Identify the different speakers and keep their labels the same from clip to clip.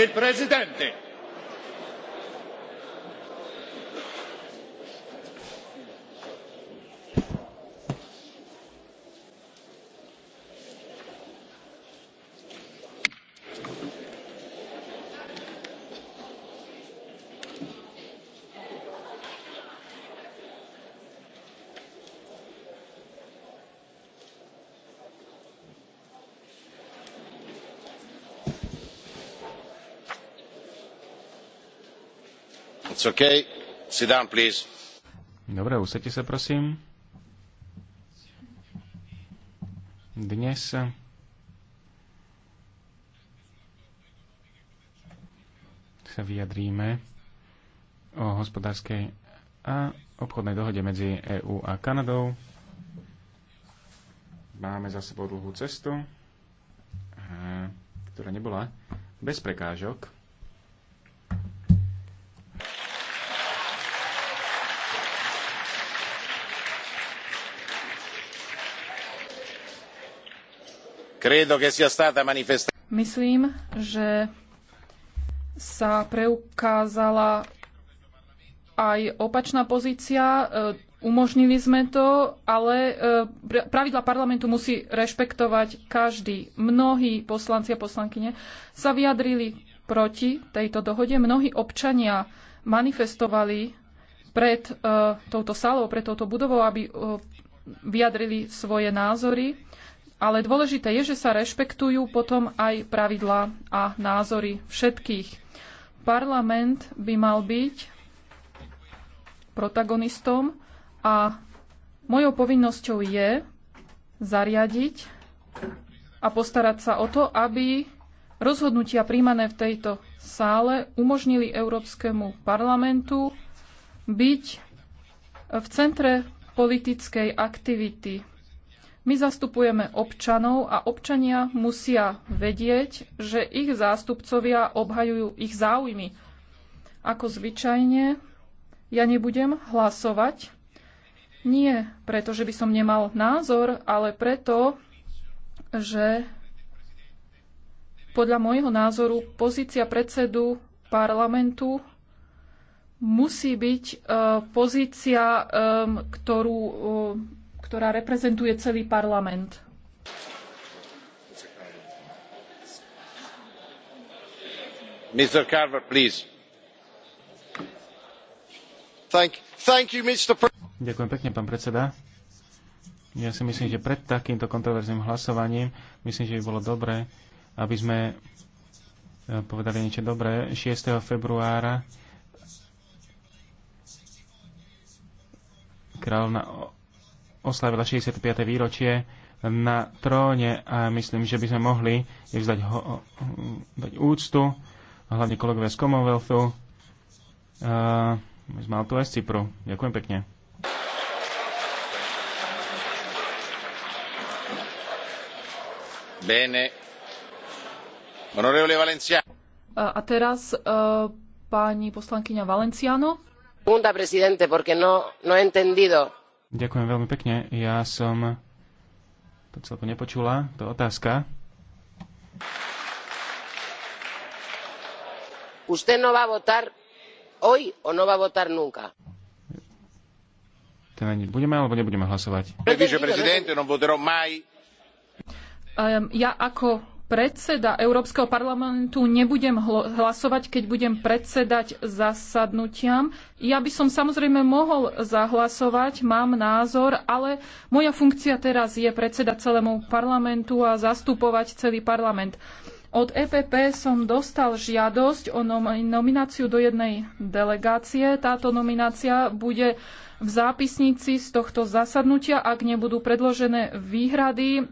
Speaker 1: il presidente. It's okay. Sit down, please. Dobre, usadte sa, prosím. Dnes sa vyjadríme o hospodárskej a obchodnej dohode medzi EÚ a Kanadou. Máme za sebou dlhú cestu, ktorá nebola bez prekážok.
Speaker 2: Myslím, že sa preukázala aj opačná pozícia. E, umožnili sme to, ale e, pravidla parlamentu musí rešpektovať každý. Mnohí poslanci a poslankyne sa vyjadrili proti tejto dohode. Mnohí občania manifestovali pred e, touto salou, pred touto budovou, aby vyjadrili svoje názory. Ale dôležité je, že sa rešpektujú potom aj pravidlá a názory všetkých. Parlament by mal byť protagonistom a mojou povinnosťou je zariadiť a postarať sa o to, aby rozhodnutia príjmané v tejto sále umožnili Európskemu parlamentu byť v centre politickej aktivity my zastupujeme občanov a občania musia vedieť, že ich zástupcovia obhajujú ich záujmy. Ako zvyčajne, ja nebudem hlasovať. Nie preto, že by som nemal názor, ale preto, že podľa môjho názoru pozícia predsedu parlamentu musí byť e, pozícia, e, ktorú e, ktorá reprezentuje celý parlament.
Speaker 1: Mr. Carver, please.
Speaker 2: Thank, thank you, Mr. Pre-
Speaker 1: Ďakujem pekne, pán predseda. Ja si myslím, že pred takýmto kontroverzným hlasovaním myslím, že by bolo dobré, aby sme e, povedali niečo dobré. 6. februára kráľovna oslavila 65. výročie na tróne a myslím, že by sme mohli jej vzdať ho, dať úctu, hlavne kolegovia z Commonwealthu, uh, z Maltu a z Cypru. Ďakujem pekne. Bene. Honorevole Valencia.
Speaker 2: A teraz uh, pani poslankyňa Valenciano. Pregunta, presidente, porque no, no he entendido.
Speaker 1: Ďakujem veľmi pekne. Ja som to celkom nepočula. To otázka.
Speaker 2: Usted no va a votar hoy o no va a votar nunca.
Speaker 1: budeme alebo nebudeme hlasovať? Ehm,
Speaker 2: ja ako predseda Európskeho parlamentu nebudem hlasovať, keď budem predsedať zasadnutiam. Ja by som samozrejme mohol zahlasovať, mám názor, ale moja funkcia teraz je predseda celému parlamentu a zastupovať celý parlament. Od EPP som dostal žiadosť o nomináciu do jednej delegácie. Táto nominácia bude v zápisnici z tohto zasadnutia. Ak nebudú predložené výhrady,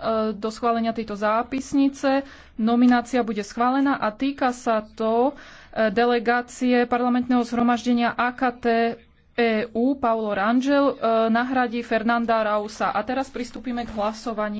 Speaker 2: E, do schválenia tejto zápisnice. Nominácia bude schválená a týka sa to e, delegácie parlamentného zhromaždenia AKT EU Paulo Rangel e, nahradí Fernanda Rausa. A teraz pristúpime k hlasovaniu.